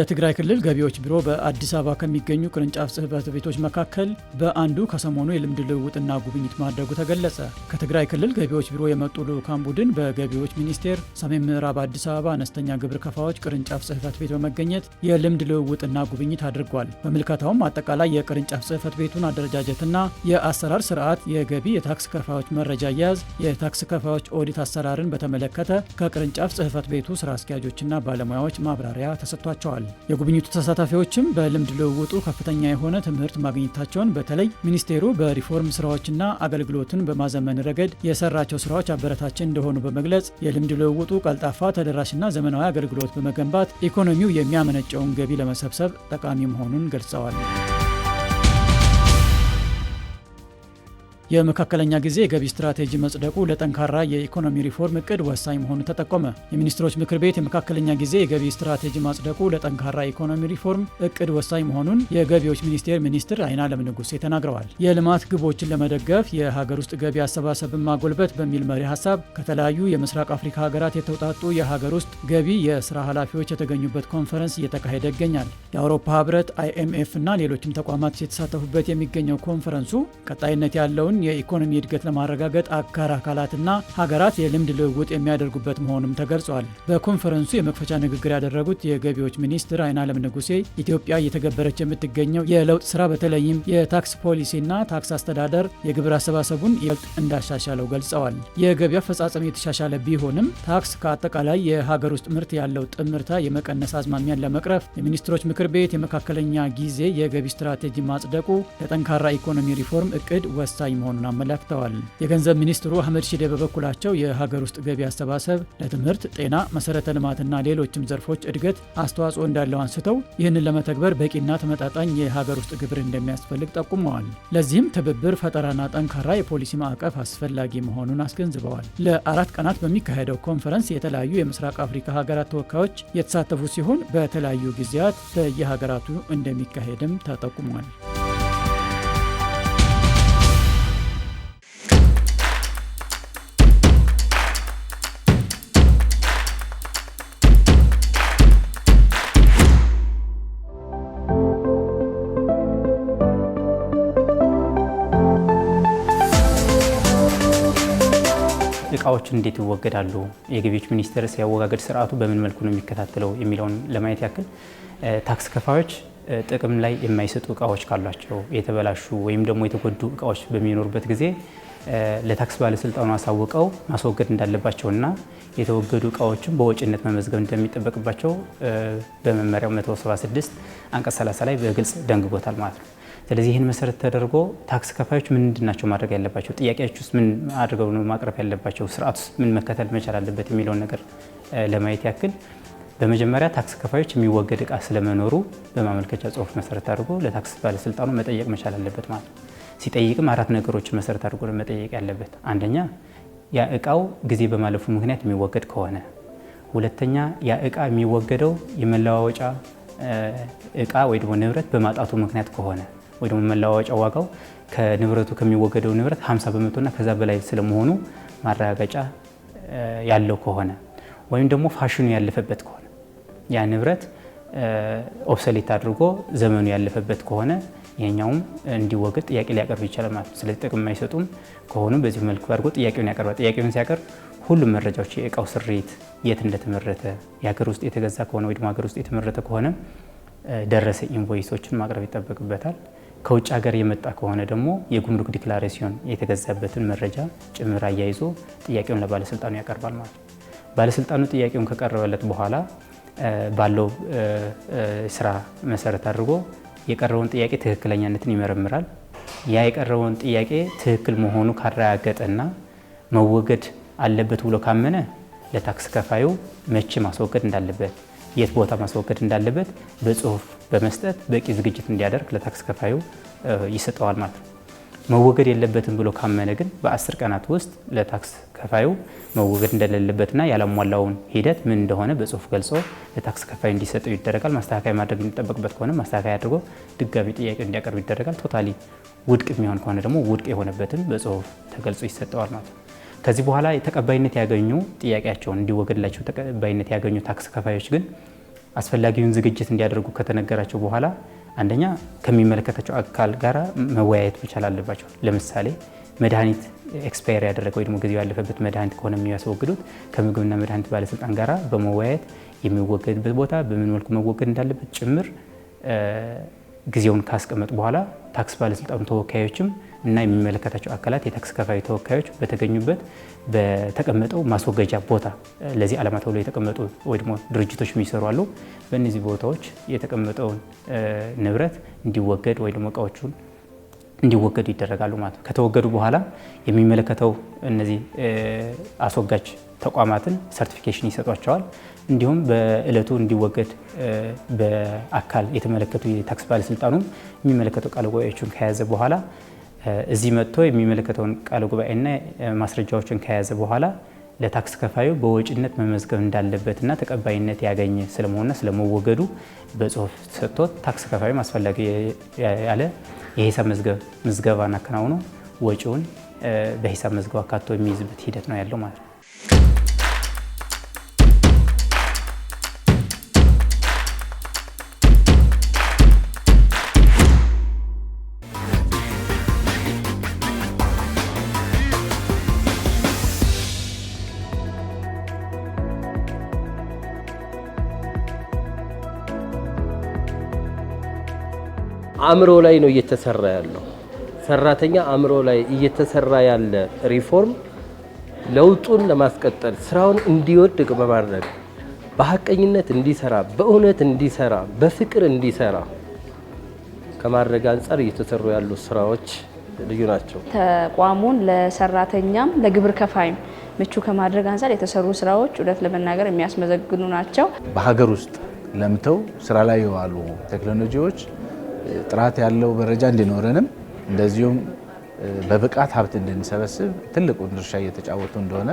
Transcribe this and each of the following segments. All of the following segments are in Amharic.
የትግራይ ክልል ገቢዎች ቢሮ በአዲስ አበባ ከሚገኙ ቅርንጫፍ ጽህፈት ቤቶች መካከል በአንዱ ከሰሞኑ የልምድ ልውውጥና ጉብኝት ማድረጉ ተገለጸ። ከትግራይ ክልል ገቢዎች ቢሮ የመጡ ልዑካን ቡድን በገቢዎች ሚኒስቴር ሰሜን ምዕራብ አዲስ አበባ አነስተኛ ግብር ከፋዎች ቅርንጫፍ ጽህፈት ቤት በመገኘት የልምድ ልውውጥና ጉብኝት አድርጓል። በምልከታውም አጠቃላይ የቅርንጫፍ ጽህፈት ቤቱን አደረጃጀትና የአሰራር ስርዓት፣ የገቢ የታክስ ከፋዮች መረጃ አያያዝ፣ የታክስ ከፋዮች ኦዲት አሰራርን በተመለከተ ከቅርንጫፍ ጽህፈት ቤቱ ስራ አስኪያጆችና ባለሙያዎች ማብራሪያ ተሰጥቷቸዋል። የጉብኝቱ ተሳታፊዎችም በልምድ ልውውጡ ከፍተኛ የሆነ ትምህርት ማግኘታቸውን በተለይ ሚኒስቴሩ በሪፎርም ስራዎችና አገልግሎትን በማዘመን ረገድ የሰራቸው ስራዎች አበረታች እንደሆኑ በመግለጽ የልምድ ልውውጡ ቀልጣፋ፣ ተደራሽና ዘመናዊ አገልግሎት በመገንባት ኢኮኖሚው የሚያመነጨውን ገቢ ለመሰብሰብ ጠቃሚ መሆኑን ገልጸዋል። የመካከለኛ ጊዜ የገቢ ስትራቴጂ መጽደቁ ለጠንካራ የኢኮኖሚ ሪፎርም እቅድ ወሳኝ መሆኑ ተጠቆመ። የሚኒስትሮች ምክር ቤት የመካከለኛ ጊዜ የገቢ ስትራቴጂ ማጽደቁ ለጠንካራ የኢኮኖሚ ሪፎርም እቅድ ወሳኝ መሆኑን የገቢዎች ሚኒስቴር ሚኒስትር አይናለም ንጉሴ ተናግረዋል። የልማት ግቦችን ለመደገፍ የሀገር ውስጥ ገቢ አሰባሰብን ማጎልበት በሚል መሪ ሀሳብ ከተለያዩ የምስራቅ አፍሪካ ሀገራት የተውጣጡ የሀገር ውስጥ ገቢ የስራ ኃላፊዎች የተገኙበት ኮንፈረንስ እየተካሄደ ይገኛል። የአውሮፓ ህብረት፣ አይኤምኤፍ እና ሌሎችም ተቋማት የተሳተፉበት የሚገኘው ኮንፈረንሱ ቀጣይነት ያለውን ሀገሪቱን የኢኮኖሚ እድገት ለማረጋገጥ አጋር አካላትና ሀገራት የልምድ ልውውጥ የሚያደርጉበት መሆኑም ተገልጿል። በኮንፈረንሱ የመክፈቻ ንግግር ያደረጉት የገቢዎች ሚኒስትር አይናለም ንጉሴ ኢትዮጵያ እየተገበረች የምትገኘው የለውጥ ስራ በተለይም የታክስ ፖሊሲና ታክስ አስተዳደር የግብር አሰባሰቡን ይበልጥ እንዳሻሻለው ገልጸዋል። የገቢ አፈጻጸም የተሻሻለ ቢሆንም ታክስ ከአጠቃላይ የሀገር ውስጥ ምርት ያለው ጥምርታ የመቀነስ አዝማሚያን ለመቅረፍ የሚኒስትሮች ምክር ቤት የመካከለኛ ጊዜ የገቢ ስትራቴጂ ማጽደቁ ለጠንካራ ኢኮኖሚ ሪፎርም እቅድ ወሳኝ መሆ መሆኑን አመላክተዋል። የገንዘብ ሚኒስትሩ አህመድ ሺዴ በበኩላቸው የሀገር ውስጥ ገቢ አሰባሰብ ለትምህርት፣ ጤና፣ መሰረተ ልማትና ሌሎችም ዘርፎች እድገት አስተዋጽኦ እንዳለው አንስተው ይህንን ለመተግበር በቂና ተመጣጣኝ የሀገር ውስጥ ግብር እንደሚያስፈልግ ጠቁመዋል። ለዚህም ትብብር፣ ፈጠራና ጠንካራ የፖሊሲ ማዕቀፍ አስፈላጊ መሆኑን አስገንዝበዋል። ለአራት ቀናት በሚካሄደው ኮንፈረንስ የተለያዩ የምስራቅ አፍሪካ ሀገራት ተወካዮች የተሳተፉ ሲሆን በተለያዩ ጊዜያት በየሀገራቱ እንደሚካሄድም ተጠቁሟል። ጫናዎች እንዴት ይወገዳሉ፣ የገቢዎች ሚኒስቴር ሲያወጋገድ ስርዓቱ በምን መልኩ ነው የሚከታተለው የሚለውን ለማየት ያክል ታክስ ከፋዮች ጥቅም ላይ የማይሰጡ እቃዎች ካሏቸው የተበላሹ ወይም ደግሞ የተጎዱ እቃዎች በሚኖሩበት ጊዜ ለታክስ ባለስልጣኑ አሳውቀው ማስወገድ እንዳለባቸው እና የተወገዱ እቃዎችን በወጪነት መመዝገብ እንደሚጠበቅባቸው በመመሪያው 176 አንቀጽ 30 ላይ በግልጽ ደንግጎታል ማለት ነው። ስለዚህ ይህን መሰረት ተደርጎ ታክስ ከፋዮች ምንድን ናቸው ማድረግ ያለባቸው፣ ጥያቄዎች ውስጥ ምን አድርገው ነው ማቅረብ ያለባቸው፣ ስርዓት ውስጥ ምን መከተል መቻል አለበት የሚለውን ነገር ለማየት ያክል በመጀመሪያ ታክስ ከፋዮች የሚወገድ እቃ ስለመኖሩ በማመልከቻ ጽሁፍ መሰረት አድርጎ ለታክስ ባለስልጣኑ መጠየቅ መቻል አለበት ማለት ነው። ሲጠይቅም አራት ነገሮችን መሰረት አድርጎ መጠየቅ ያለበት፣ አንደኛ ያ እቃው ጊዜ በማለፉ ምክንያት የሚወገድ ከሆነ፣ ሁለተኛ ያ እቃ የሚወገደው የመለዋወጫ እቃ ወይ ደግሞ ንብረት በማጣቱ ምክንያት ከሆነ ወይ ደግሞ መለዋወጫ ዋጋው ከንብረቱ ከሚወገደው ንብረት 50 በመቶና ከዛ በላይ ስለመሆኑ ማረጋገጫ ያለው ከሆነ ወይም ደግሞ ፋሽኑ ያለፈበት ከሆነ ያ ንብረት ኦብሶሌት አድርጎ ዘመኑ ያለፈበት ከሆነ ይሄኛውም እንዲወገድ ጥያቄ ሊያቀርብ ይችላል ማለት ነው። ስለዚህ ጥቅም አይሰጡም ከሆኑ በዚህ መልኩ አድርጎ ጥያቄውን ያቀርባል። ጥያቄውን ሲያቀርብ ሁሉም መረጃዎች የእቃው ስሪት፣ የት እንደተመረተ፣ የሀገር ውስጥ የተገዛ ከሆነ ወይ ደግሞ ሀገር ውስጥ የተመረተ ከሆነ ደረሰ ኢንቮይሶችን ማቅረብ ይጠበቅበታል። ከውጭ ሀገር የመጣ ከሆነ ደግሞ የጉምሩክ ዲክላሬሽን የተገዛበትን መረጃ ጭምር አያይዞ ጥያቄውን ለባለስልጣኑ ያቀርባል ማለት ነው። ባለስልጣኑ ጥያቄውን ከቀረበለት በኋላ ባለው ስራ መሰረት አድርጎ የቀረበውን ጥያቄ ትክክለኛነትን ይመረምራል። ያ የቀረበውን ጥያቄ ትክክል መሆኑ ካረጋገጠና መወገድ አለበት ብሎ ካመነ ለታክስ ከፋዩ መቼ ማስወገድ እንዳለበት የት ቦታ ማስወገድ እንዳለበት በጽሁፍ በመስጠት በቂ ዝግጅት እንዲያደርግ ለታክስ ከፋዩ ይሰጠዋል ማለት ነው። መወገድ የለበትም ብሎ ካመነ ግን በአስር ቀናት ውስጥ ለታክስ ከፋዩ መወገድ እንደሌለበትና ያላሟላውን ሂደት ምን እንደሆነ በጽሁፍ ገልጾ ለታክስ ከፋዩ እንዲሰጠው ይደረጋል። ማስተካከያ ማድረግ የሚጠበቅበት ከሆነ ማስተካከያ አድርጎ ድጋሚ ጥያቄ እንዲያቀርብ ይደረጋል። ቶታሊ ውድቅ የሚሆን ከሆነ ደግሞ ውድቅ የሆነበትን በጽሁፍ ተገልጾ ይሰጠዋል ማለት ነው። ከዚህ በኋላ ተቀባይነት ያገኙ ጥያቄያቸውን እንዲወገድላቸው ተቀባይነት ያገኙ ታክስ ከፋዮች ግን አስፈላጊውን ዝግጅት እንዲያደርጉ ከተነገራቸው በኋላ አንደኛ ከሚመለከታቸው አካል ጋር መወያየት መቻል አለባቸው። ለምሳሌ መድኃኒት ኤክስፓየር ያደረገ ወይ ደግሞ ጊዜው ያለፈበት መድኃኒት ከሆነ የሚያስወግዱት ከምግብና መድኃኒት ባለስልጣን ጋር በመወያየት የሚወገድበት ቦታ በምን መልኩ መወገድ እንዳለበት ጭምር ጊዜውን ካስቀመጡ በኋላ ታክስ ባለስልጣኑ ተወካዮችም እና የሚመለከታቸው አካላት የታክስ ከፋይ ተወካዮች በተገኙበት በተቀመጠው ማስወገጃ ቦታ ለዚህ ዓላማ ተብሎ የተቀመጡ ወይ ደግሞ ድርጅቶች የሚሰሩ አሉ። በእነዚህ ቦታዎች የተቀመጠውን ንብረት እንዲወገድ ወይ ደግሞ እቃዎቹን እንዲወገዱ ይደረጋሉ ማለት ነው። ከተወገዱ በኋላ የሚመለከተው እነዚህ አስወጋጅ ተቋማትን ሰርቲፊኬሽን ይሰጧቸዋል። እንዲሁም በእለቱ እንዲወገድ በአካል የተመለከቱ የታክስ ባለስልጣኑ የሚመለከተው ቃለ ጉባኤዎቹን ከያዘ በኋላ እዚህ መጥቶ የሚመለከተውን ቃለ ጉባኤና ማስረጃዎችን ከያዘ በኋላ ለታክስ ከፋዩ በወጪነት መመዝገብ እንዳለበትና ተቀባይነት ያገኘ ስለመሆኑና ስለመወገዱ በጽሁፍ ሰጥቶት ታክስ ከፋዩ አስፈላጊ ያለ የሂሳብ ምዝገባን አከናውኖ ወጪውን በሂሳብ መዝገብ አካቶ የሚይዝበት ሂደት ነው ያለው ማለት ነው። አእምሮ ላይ ነው እየተሰራ ያለው። ሰራተኛ አእምሮ ላይ እየተሰራ ያለ ሪፎርም ለውጡን ለማስቀጠል ስራውን እንዲወድቅ በማድረግ በሀቀኝነት እንዲሰራ፣ በእውነት እንዲሰራ፣ በፍቅር እንዲሰራ ከማድረግ አንጻር እየተሰሩ ያሉ ስራዎች ልዩ ናቸው። ተቋሙን ለሰራተኛም ለግብር ከፋይም ምቹ ከማድረግ አንጻር የተሰሩ ስራዎች እውነት ለመናገር የሚያስመዘግኑ ናቸው። በሀገር ውስጥ ለምተው ስራ ላይ የዋሉ ቴክኖሎጂዎች ጥራት ያለው መረጃ እንዲኖረንም እንደዚሁም በብቃት ሀብት እንድንሰበስብ ትልቁን ድርሻ እየተጫወቱ እንደሆነ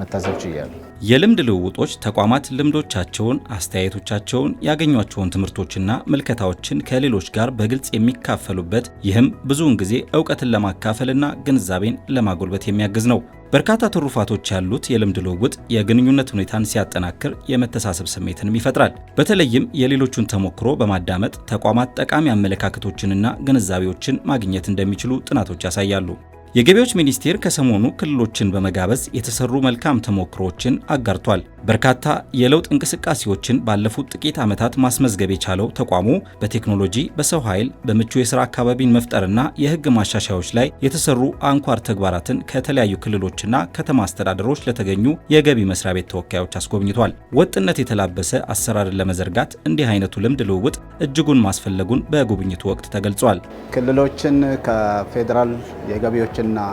መታዘብ ችያለሁ። የልምድ ልውውጦች ተቋማት ልምዶቻቸውን፣ አስተያየቶቻቸውን፣ ያገኟቸውን ትምህርቶችና ምልከታዎችን ከሌሎች ጋር በግልጽ የሚካፈሉበት ይህም ብዙውን ጊዜ እውቀትን ለማካፈልና ግንዛቤን ለማጎልበት የሚያግዝ ነው። በርካታ ትሩፋቶች ያሉት የልምድ ልውውጥ የግንኙነት ሁኔታን ሲያጠናክር የመተሳሰብ ስሜትንም ይፈጥራል። በተለይም የሌሎቹን ተሞክሮ በማዳመጥ ተቋማት ጠቃሚ አመለካከቶችንና ግንዛቤዎችን ማግኘት እንደሚችሉ ጥናቶች ያሳያሉ። የገቢዎች ሚኒስቴር ከሰሞኑ ክልሎችን በመጋበዝ የተሰሩ መልካም ተሞክሮዎችን አጋርቷል። በርካታ የለውጥ እንቅስቃሴዎችን ባለፉት ጥቂት ዓመታት ማስመዝገብ የቻለው ተቋሙ በቴክኖሎጂ፣ በሰው ኃይል፣ በምቹ የሥራ አካባቢን መፍጠርና የሕግ ማሻሻያዎች ላይ የተሰሩ አንኳር ተግባራትን ከተለያዩ ክልሎችና ከተማ አስተዳደሮች ለተገኙ የገቢ መስሪያ ቤት ተወካዮች አስጎብኝቷል። ወጥነት የተላበሰ አሰራርን ለመዘርጋት እንዲህ አይነቱ ልምድ ልውውጥ እጅጉን ማስፈለጉን በጉብኝቱ ወቅት ተገልጿል። ክልሎችን ከፌዴራል የገቢዎችን የንግድና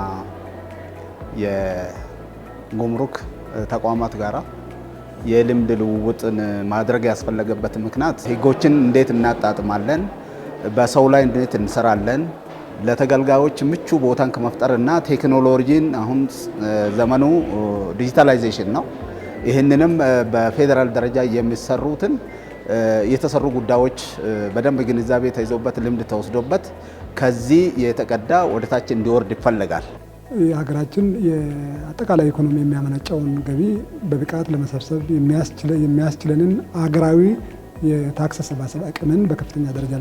የጉምሩክ ተቋማት ጋራ የልምድ ልውውጥን ማድረግ ያስፈለገበት ምክንያት ህጎችን እንዴት እናጣጥማለን፣ በሰው ላይ እንዴት እንሰራለን፣ ለተገልጋዮች ምቹ ቦታን ከመፍጠር እና ቴክኖሎጂን አሁን ዘመኑ ዲጂታላይዜሽን ነው። ይህንንም በፌዴራል ደረጃ የሚሰሩትን የተሰሩ ጉዳዮች በደንብ ግንዛቤ ተይዞበት ልምድ ተወስዶበት ከዚህ የተቀዳ ወደታች እንዲወርድ ይፈለጋል። ሀገራችን የአጠቃላይ ኢኮኖሚ የሚያመነጨውን ገቢ በብቃት ለመሰብሰብ የሚያስችለንን አገራዊ የታክስ አሰባሰብ አቅምን በከፍተኛ ደረጃ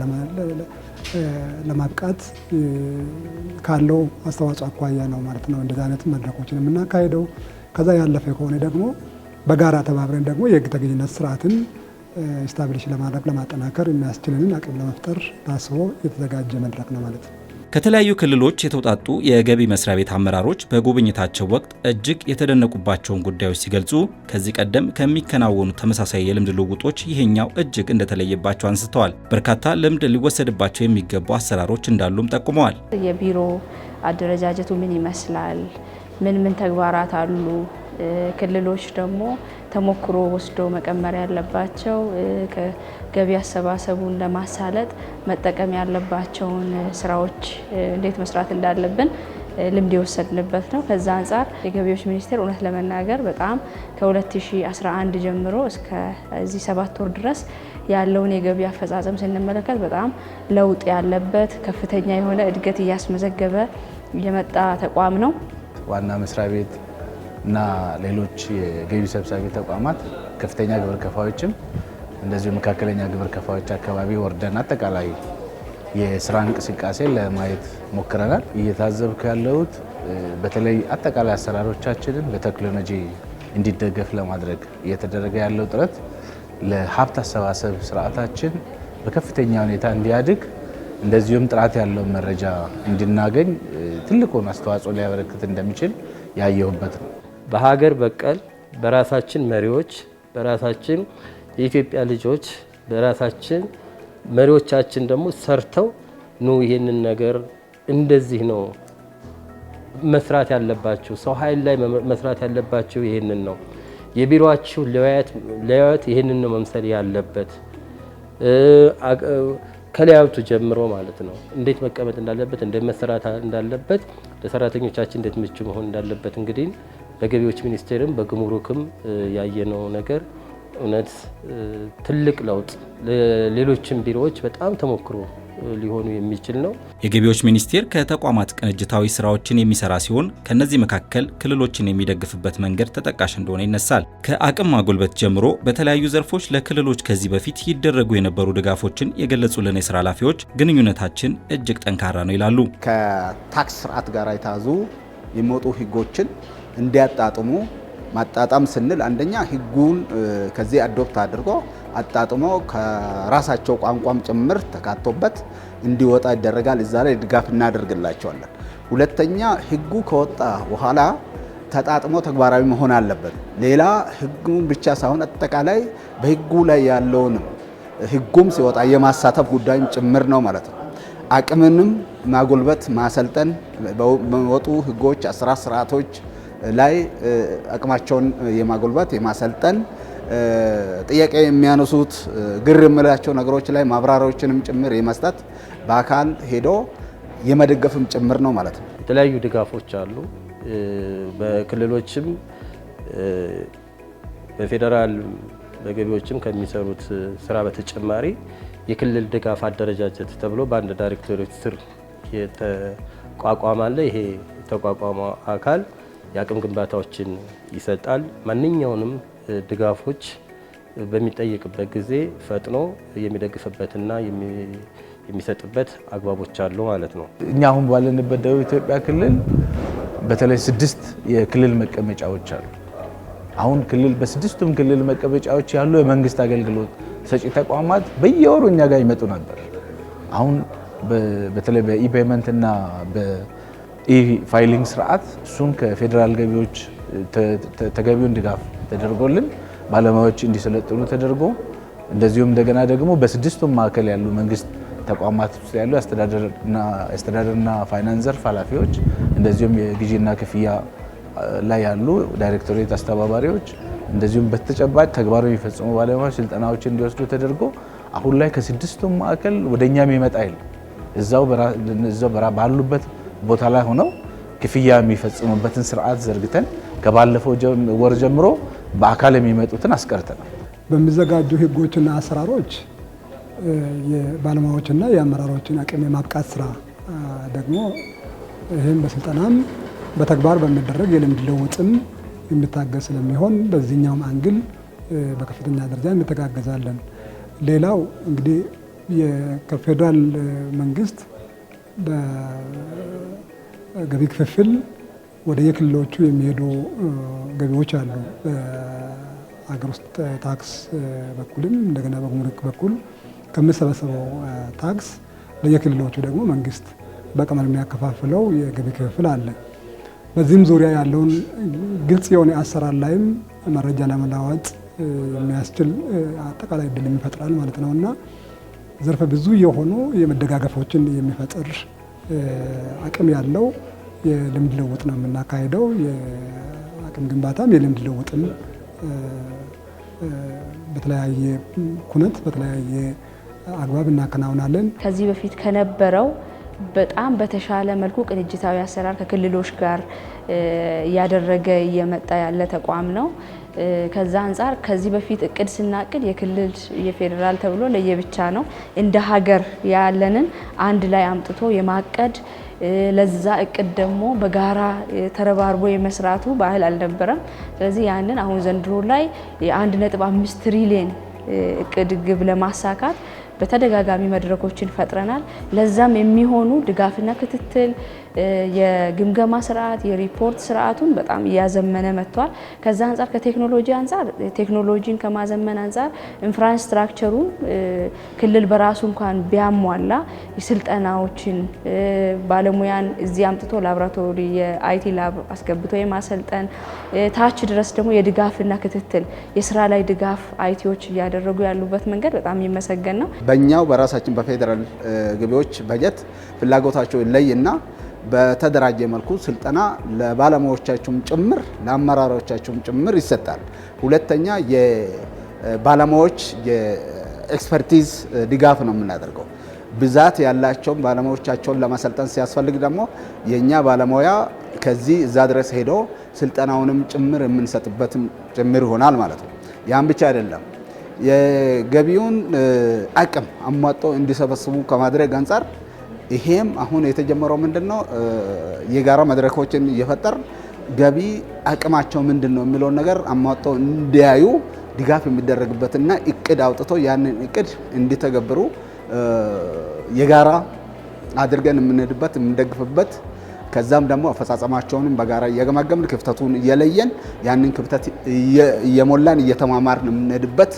ለማብቃት ካለው አስተዋጽኦ አኳያ ነው ማለት ነው እንደዚህ አይነት መድረኮችን የምናካሄደው። ከዛ ያለፈ ከሆነ ደግሞ በጋራ ተባብረን ደግሞ የህግ ተገኝነት ስርዓትን ስታብሊሽ ለማድረግ ለማጠናከር የሚያስችልንን አቅም ለመፍጠር ታስቦ የተዘጋጀ መድረክ ነው ማለት ነው። ከተለያዩ ክልሎች የተውጣጡ የገቢ መስሪያ ቤት አመራሮች በጉብኝታቸው ወቅት እጅግ የተደነቁባቸውን ጉዳዮች ሲገልጹ ከዚህ ቀደም ከሚከናወኑ ተመሳሳይ የልምድ ልውውጦች ይሄኛው እጅግ እንደተለየባቸው አንስተዋል። በርካታ ልምድ ሊወሰድባቸው የሚገቡ አሰራሮች እንዳሉም ጠቁመዋል። የቢሮ አደረጃጀቱ ምን ይመስላል? ምን ምን ተግባራት አሉ? ክልሎች ደግሞ ተሞክሮ ወስዶ መቀመር ያለባቸው ከገቢ አሰባሰቡን ለማሳለጥ መጠቀም ያለባቸውን ስራዎች እንዴት መስራት እንዳለብን ልምድ የወሰድንበት ነው። ከዛ አንጻር የገቢዎች ሚኒስቴር እውነት ለመናገር በጣም ከ2011 ጀምሮ እስከዚህ ሰባት ወር ድረስ ያለውን የገቢ አፈጻጸም ስንመለከት በጣም ለውጥ ያለበት ከፍተኛ የሆነ እድገት እያስመዘገበ የመጣ ተቋም ነው። ዋና መስሪያ ቤት እና ሌሎች የገቢ ሰብሳቢ ተቋማት ከፍተኛ ግብር ከፋዮችም እንደዚሁ መካከለኛ ግብር ከፋዮች አካባቢ ወርደን አጠቃላይ የስራ እንቅስቃሴ ለማየት ሞክረናል። እየታዘብኩ ያለሁት በተለይ አጠቃላይ አሰራሮቻችንን በቴክኖሎጂ እንዲደገፍ ለማድረግ እየተደረገ ያለው ጥረት ለሀብት አሰባሰብ ስርዓታችን በከፍተኛ ሁኔታ እንዲያድግ እንደዚሁም ጥራት ያለውን መረጃ እንድናገኝ ትልቁን አስተዋጽኦ ሊያበረክት እንደሚችል ያየሁበት ነው። በሀገር በቀል በራሳችን መሪዎች በራሳችን የኢትዮጵያ ልጆች በራሳችን መሪዎቻችን ደግሞ ሰርተው ኑ ይህንን ነገር እንደዚህ ነው መስራት ያለባችሁ፣ ሰው ኃይል ላይ መስራት ያለባችሁ ይህንን ነው። የቢሮአችሁ ለያየት ይህንን ነው መምሰል ያለበት ከለያዩቱ ጀምሮ ማለት ነው። እንዴት መቀመጥ እንዳለበት፣ እንዴት መሰራት እንዳለበት፣ ለሰራተኞቻችን እንዴት ምቹ መሆን እንዳለበት እንግዲህ በገቢዎች ሚኒስቴርም በጉምሩክም ያየነው ነገር እውነት ትልቅ ለውጥ ለሌሎችም ቢሮዎች በጣም ተሞክሮ ሊሆኑ የሚችል ነው። የገቢዎች ሚኒስቴር ከተቋማት ቅንጅታዊ ስራዎችን የሚሰራ ሲሆን ከእነዚህ መካከል ክልሎችን የሚደግፍበት መንገድ ተጠቃሽ እንደሆነ ይነሳል። ከአቅም ማጎልበት ጀምሮ በተለያዩ ዘርፎች ለክልሎች ከዚህ በፊት ይደረጉ የነበሩ ድጋፎችን የገለጹልን የስራ ኃላፊዎች ግንኙነታችን እጅግ ጠንካራ ነው ይላሉ። ከታክስ ስርዓት ጋር የተያዙ የሚወጡ ህጎችን እንዲያጣጥሙ ማጣጣም ስንል አንደኛ ህጉን ከዚህ አዶፕት አድርጎ አጣጥሞ ከራሳቸው ቋንቋም ጭምር ተካቶበት እንዲወጣ ይደረጋል። እዛ ላይ ድጋፍ እናደርግላቸዋለን። ሁለተኛ ህጉ ከወጣ በኋላ ተጣጥሞ ተግባራዊ መሆን አለበት። ሌላ ህጉን ብቻ ሳይሆን አጠቃላይ በህጉ ላይ ያለውንም ህጉም ሲወጣ የማሳተፍ ጉዳይም ጭምር ነው ማለት ነው። አቅምንም ማጎልበት፣ ማሰልጠን በወጡ ህጎች አስራ ስርዓቶች ላይ አቅማቸውን የማጎልባት የማሰልጠን ጥያቄ የሚያነሱት ግር የምላቸው ነገሮች ላይ ማብራሪያዎችንም ጭምር የመስጠት በአካል ሄዶ የመደገፍም ጭምር ነው ማለት ነው። የተለያዩ ድጋፎች አሉ። በክልሎችም በፌዴራል በገቢዎችም ከሚሰሩት ስራ በተጨማሪ የክልል ድጋፍ አደረጃጀት ተብሎ በአንድ ዳይሬክቶሬት ስር የተቋቋማለ ይሄ የተቋቋመ አካል የአቅም ግንባታዎችን ይሰጣል። ማንኛውንም ድጋፎች በሚጠይቅበት ጊዜ ፈጥኖ የሚደግፍበትና የሚሰጥበት አግባቦች አሉ ማለት ነው። እኛ አሁን ባለንበት ደቡብ ኢትዮጵያ ክልል በተለይ ስድስት የክልል መቀመጫዎች አሉ። አሁን ክልል በስድስቱም ክልል መቀመጫዎች ያሉ የመንግስት አገልግሎት ሰጪ ተቋማት በየወሩ እኛ ጋር ይመጡ ነበር። አሁን በተለይ በኢፔመንት እና ኢፋይሊንግ ስርዓት እሱን ከፌዴራል ገቢዎች ተገቢውን ድጋፍ ተደርጎልን ባለሙያዎች እንዲሰለጥኑ ተደርጎ እንደዚሁም እንደገና ደግሞ በስድስቱም ማዕከል ያሉ መንግስት ተቋማት ውስጥ ያሉ የአስተዳደርና ፋይናንስ ዘርፍ ኃላፊዎች እንደዚሁም የግዢና ክፍያ ላይ ያሉ ዳይሬክቶሬት አስተባባሪዎች እንደዚሁም በተጨባጭ ተግባሩ የሚፈጽሙ ባለሙያዎች ስልጠናዎች እንዲወስዱ ተደርጎ አሁን ላይ ከስድስቱም ማዕከል ወደኛ የሚመጣ የለም። እዛው ባሉበት ቦታ ላይ ሆነው ክፍያ የሚፈጽሙበትን ስርዓት ዘርግተን ከባለፈው ወር ጀምሮ በአካል የሚመጡትን አስቀርተናል። በሚዘጋጁ ህጎችና አሰራሮች የባለሙያዎችና የአመራሮችን አቅም የማብቃት ስራ ደግሞ ይህም በስልጠናም በተግባር በሚደረግ የልምድ ለውጥም የሚታገዝ ስለሚሆን በዚህኛውም አንግል በከፍተኛ ደረጃ እንተጋገዛለን። ሌላው እንግዲህ ከፌዴራል መንግስት በገቢ ክፍፍል ወደ የክልሎቹ የሚሄዱ ገቢዎች አሉ። በሀገር ውስጥ ታክስ በኩልም እንደገና በጉምሩክ በኩል ከምሰበሰበው ታክስ ለየክልሎቹ ደግሞ መንግስት በቀመር የሚያከፋፍለው የገቢ ክፍፍል አለ። በዚህም ዙሪያ ያለውን ግልጽ የሆነ አሰራር ላይም መረጃ ለመለዋወጥ የሚያስችል አጠቃላይ እድል ይፈጥራል ማለት ነው እና ዘርፈ ብዙ የሆኑ የመደጋገፎችን የሚፈጥር አቅም ያለው የልምድ ለውጥ ነው የምናካሄደው። የአቅም ግንባታም የልምድ ለውጥም በተለያየ ኩነት በተለያየ አግባብ እናከናውናለን። ከዚህ በፊት ከነበረው በጣም በተሻለ መልኩ ቅንጅታዊ አሰራር ከክልሎች ጋር እያደረገ እየመጣ ያለ ተቋም ነው። ከዛ አንጻር ከዚህ በፊት እቅድ ስናቅድ የክልል የፌዴራል ተብሎ ለየብቻ ነው። እንደ ሀገር ያለንን አንድ ላይ አምጥቶ የማቀድ ለዛ እቅድ ደግሞ በጋራ ተረባርቦ የመስራቱ ባህል አልነበረም። ስለዚህ ያንን አሁን ዘንድሮ ላይ የ1.5 ትሪሊየን እቅድ ግብ ለማሳካት በተደጋጋሚ መድረኮችን ፈጥረናል። ለዛም የሚሆኑ ድጋፍና ክትትል፣ የግምገማ ስርዓት፣ የሪፖርት ስርዓቱን በጣም እያዘመነ መጥቷል። ከዛ አንጻር ከቴክኖሎጂ አንጻር ቴክኖሎጂን ከማዘመን አንጻር ኢንፍራስትራክቸሩ ክልል በራሱ እንኳን ቢያሟላ ስልጠናዎችን ባለሙያን እዚህ አምጥቶ ላብራቶሪ የአይቲ ላብ አስገብቶ የማሰልጠን ታች ድረስ ደግሞ የድጋፍና ክትትል የስራ ላይ ድጋፍ አይቲዎች እያደረጉ ያሉበት መንገድ በጣም ይመሰገን ነው። በእኛው በራሳችን በፌዴራል ግቢዎች በጀት ፍላጎታቸው ይለይና በተደራጀ መልኩ ስልጠና ለባለሙያዎቻችሁም ጭምር ለአመራሮቻቸውም ጭምር ይሰጣል። ሁለተኛ የባለሙያዎች የኤክስፐርቲዝ ድጋፍ ነው የምናደርገው። ብዛት ያላቸውን ባለሙያዎቻቸውን ለማሰልጠን ሲያስፈልግ ደግሞ የእኛ ባለሙያ ከዚህ እዛ ድረስ ሄዶ ስልጠናውንም ጭምር የምንሰጥበትም ጭምር ይሆናል ማለት ነው። ያን ብቻ አይደለም። የገቢውን አቅም አሟጦ እንዲሰበስቡ ከማድረግ አንጻር ይሄም አሁን የተጀመረው ምንድን ነው የጋራ መድረኮችን እየፈጠር ገቢ አቅማቸው ምንድን ነው የሚለውን ነገር አሟጦ እንዲያዩ ድጋፍ የሚደረግበትና እቅድ አውጥቶ ያንን እቅድ እንዲተገብሩ የጋራ አድርገን የምንሄድበት የምንደግፍበት ከዛም ደግሞ አፈጻጸማቸውንም በጋራ እየገመገምን ክፍተቱን እየለየን ያንን ክፍተት እየሞላን እየተማማርን የምንሄድበት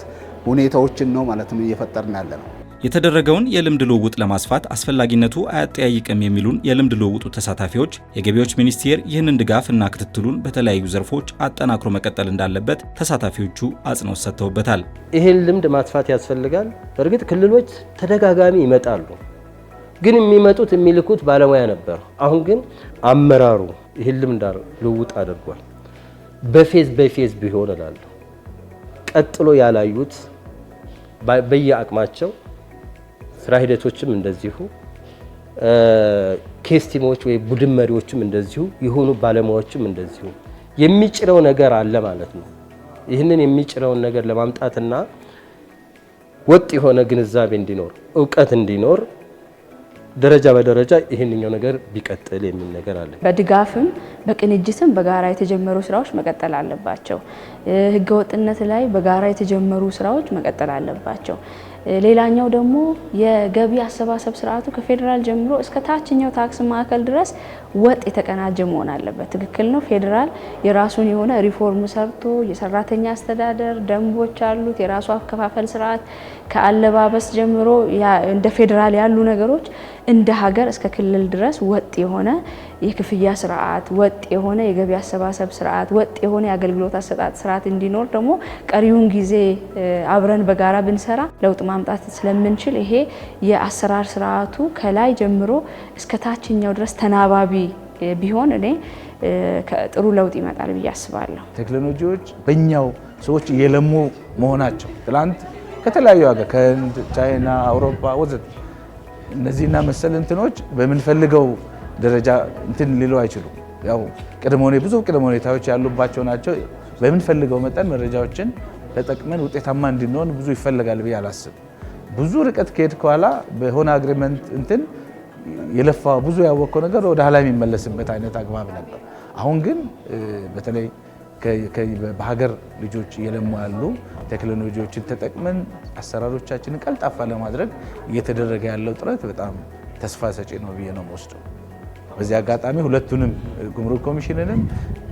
ሁኔታዎችን ነው ማለት ነው እየፈጠርን ያለ ነው። የተደረገውን የልምድ ልውውጥ ለማስፋት አስፈላጊነቱ አያጠያይቅም የሚሉን የልምድ ልውውጡ ተሳታፊዎች የገቢዎች ሚኒስቴር ይህንን ድጋፍ እና ክትትሉን በተለያዩ ዘርፎች አጠናክሮ መቀጠል እንዳለበት ተሳታፊዎቹ አጽንኦት ሰጥተውበታል። ይህን ልምድ ማስፋት ያስፈልጋል። በእርግጥ ክልሎች ተደጋጋሚ ይመጣሉ፣ ግን የሚመጡት የሚልኩት ባለሙያ ነበር። አሁን ግን አመራሩ ይህን ልምድ ልውውጥ አድርጓል። በፌዝ በፌዝ ቢሆን እላለሁ ቀጥሎ ያላዩት በየአቅማቸው ስራ ሂደቶችም እንደዚሁ ኬስቲሞች ወይ ቡድን መሪዎችም እንደዚሁ የሆኑ ባለሙያዎችም እንደዚሁ የሚጭረው ነገር አለ ማለት ነው። ይህንን የሚጭረውን ነገር ለማምጣትና ወጥ የሆነ ግንዛቤ እንዲኖር እውቀት እንዲኖር ደረጃ በደረጃ ይሄንኛው ነገር ቢቀጥል የሚል ነገር አለ። በድጋፍም በቅንጅትም በጋራ የተጀመሩ ስራዎች መቀጠል አለባቸው። ህገወጥነት ላይ በጋራ የተጀመሩ ስራዎች መቀጠል አለባቸው። ሌላኛው ደግሞ የገቢ አሰባሰብ ስርዓቱ ከፌዴራል ጀምሮ እስከ ታችኛው ታክስ ማዕከል ድረስ ወጥ የተቀናጀ መሆን አለበት። ትክክል ነው። ፌዴራል የራሱን የሆነ ሪፎርም ሰርቶ የሰራተኛ አስተዳደር ደንቦች አሉት፣ የራሱ አከፋፈል ስርዓት ከአለባበስ ጀምሮ እንደ ፌዴራል ያሉ ነገሮች እንደ ሀገር እስከ ክልል ድረስ ወጥ የሆነ የክፍያ ስርዓት፣ ወጥ የሆነ የገቢ አሰባሰብ ስርዓት፣ ወጥ የሆነ የአገልግሎት አሰጣጥ ስርዓት እንዲኖር ደግሞ ቀሪውን ጊዜ አብረን በጋራ ብንሰራ ለውጥ ማምጣት ስለምንችል ይሄ የአሰራር ስርዓቱ ከላይ ጀምሮ እስከ ታችኛው ድረስ ተናባቢ ቢሆን እኔ ጥሩ ለውጥ ይመጣል ብዬ አስባለሁ። ቴክኖሎጂዎች በእኛው ሰዎች እየለሙ መሆናቸው ትላንት ከተለያዩ ሀገር ከህንድ፣ ቻይና፣ አውሮፓ ወዘተ እነዚህና መሰል እንትኖች በምንፈልገው ደረጃ እንትን ሊለው አይችሉም። ያው ቅድመ ብዙ ቅድመ ሁኔታዎች ያሉባቸው ናቸው። በምንፈልገው መጠን መረጃዎችን ተጠቅመን ውጤታማ እንድንሆን ብዙ ይፈልጋል ብዬ አላስብ። ብዙ ርቀት ከሄድክ በኋላ በሆነ አግሪመንት እንትን የለፋ ብዙ ያወቀው ነገር ወደ ኋላ የሚመለስበት አይነት አግባብ ነበር። አሁን ግን በተለይ በሀገር ልጆች እየለሙ ያሉ ቴክኖሎጂዎችን ተጠቅመን አሰራሮቻችንን ቀልጣፋ ለማድረግ እየተደረገ ያለው ጥረት በጣም ተስፋ ሰጪ ነው ብዬ ነው የምወስደው። በዚህ አጋጣሚ ሁለቱንም ጉምሩክ ኮሚሽንንም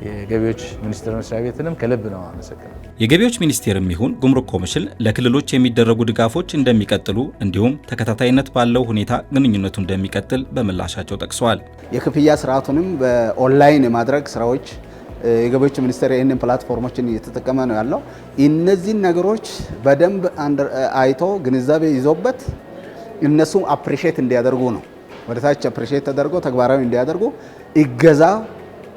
የገቢዎች ሚኒስቴር መስሪያ ቤትንም ከልብ ነው አመሰግናል። የገቢዎች ሚኒስቴርም ይሁን ጉምሩክ ኮሚሽን ለክልሎች የሚደረጉ ድጋፎች እንደሚቀጥሉ እንዲሁም ተከታታይነት ባለው ሁኔታ ግንኙነቱ እንደሚቀጥል በምላሻቸው ጠቅሰዋል። የክፍያ ስርዓቱንም በኦንላይን የማድረግ ስራዎች የገቢዎች ሚኒስቴር ይህንን ፕላትፎርሞችን እየተጠቀመ ነው ያለው። እነዚህን ነገሮች በደንብ አይቶ ግንዛቤ ይዞበት እነሱ አፕሪሼት እንዲያደርጉ ነው ወደ ታች አፕሪሼት ተደርጎ ተግባራዊ እንዲያደርጉ ይገዛ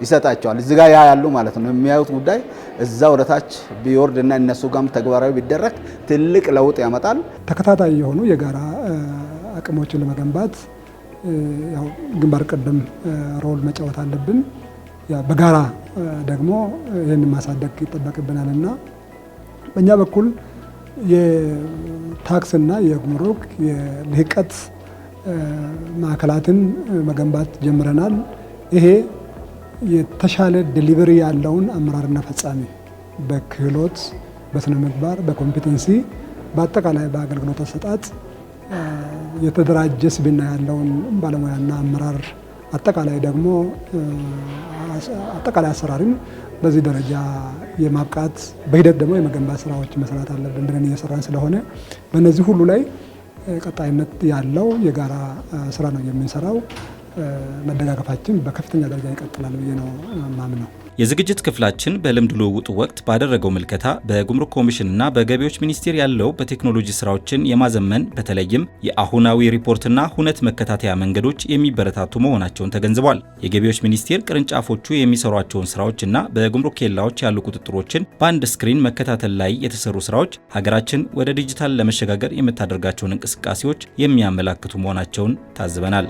ይሰጣቸዋል። እዚህ ጋር ያ ያሉ ማለት ነው የሚያዩት ጉዳይ እዛ ወደ ታች ቢወርድ እና እነሱ ጋም ተግባራዊ ቢደረግ ትልቅ ለውጥ ያመጣል። ተከታታይ የሆኑ የጋራ አቅሞችን ለመገንባት ያው ግንባር ቀደም ሮል መጫወት አለብን። በጋራ ደግሞ ይህንን ማሳደግ ይጠበቅብናል እና በእኛ በኩል የታክስና የጉምሩክ የልህቀት ማዕከላትን መገንባት ጀምረናል። ይሄ የተሻለ ዴሊቨሪ ያለውን አመራርና ፈጻሚ በክህሎት በስነ ምግባር በኮምፒተንሲ በአጠቃላይ በአገልግሎት አሰጣጥ የተደራጀ ስብና ያለውን ባለሙያና አመራር አጠቃላይ ደግሞ አጠቃላይ አሰራርን በዚህ ደረጃ የማብቃት በሂደት ደግሞ የመገንባት ስራዎች መስራት አለብን ብለን እየሰራን ስለሆነ በእነዚህ ሁሉ ላይ ቀጣይነት ያለው የጋራ ስራ ነው የምንሰራው። መደጋገፋችን በከፍተኛ ደረጃ ይቀጥላል ብዬ ነው ማምነው። የዝግጅት ክፍላችን በልምድ ልውውጡ ወቅት ባደረገው ምልከታ በጉምሩክ ኮሚሽን እና በገቢዎች ሚኒስቴር ያለው በቴክኖሎጂ ስራዎችን የማዘመን በተለይም የአሁናዊ ሪፖርትና ሁነት መከታተያ መንገዶች የሚበረታቱ መሆናቸውን ተገንዝቧል። የገቢዎች ሚኒስቴር ቅርንጫፎቹ የሚሰሯቸውን ስራዎች እና በጉምሩክ ኬላዎች ያሉ ቁጥጥሮችን በአንድ ስክሪን መከታተል ላይ የተሰሩ ስራዎች ሀገራችን ወደ ዲጂታል ለመሸጋገር የምታደርጋቸውን እንቅስቃሴዎች የሚያመላክቱ መሆናቸውን ታዝበናል።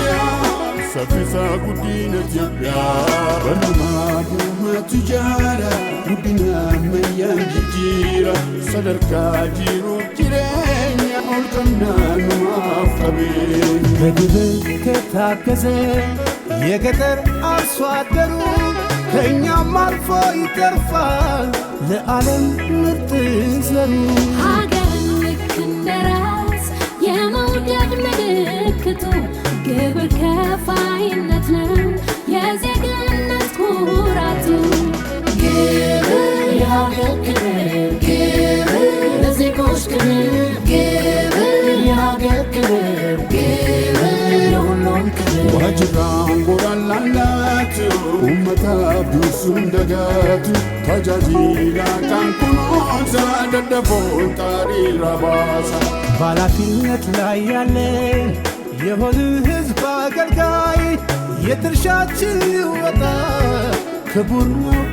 saffisa guddina Itoophiyaa. Walumaa galmatti jaara guddina ammayyaan jijjiira sadarkaa jiruuf jireenya ol qabnaa numaaf qabeenya. በግብር ከታገዘ የገጠር አርሶ አደሩ ከእኛም አልፎ ይተርፋል ለዓለም ምርጥ ዘሩ። ሀገር ልክ እንደ ራስ የመውደድ ምልክቱ ክብር ከፋይነት ነው የዜግነት ኩራቱ ግብር የሀገር ክብር ግብር ለዜጎች ክብር ግብር ደደፎ ጣሪ ረባሳ ባላፊነት ላይ ያለ የሆን ህዝብ አገልጋይ የድርሻችን ይወጣ ክቡር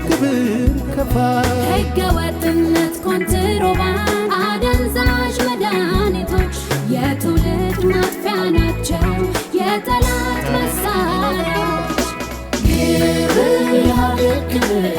ክብር ከፋ ሕገ ወጥነት፣ ኮንትሮባንድ፣ አደንዛዥ መድኃኒቶች የትውልድ ማጥፊያ ናቸው የጠላት መሳሪያዎች።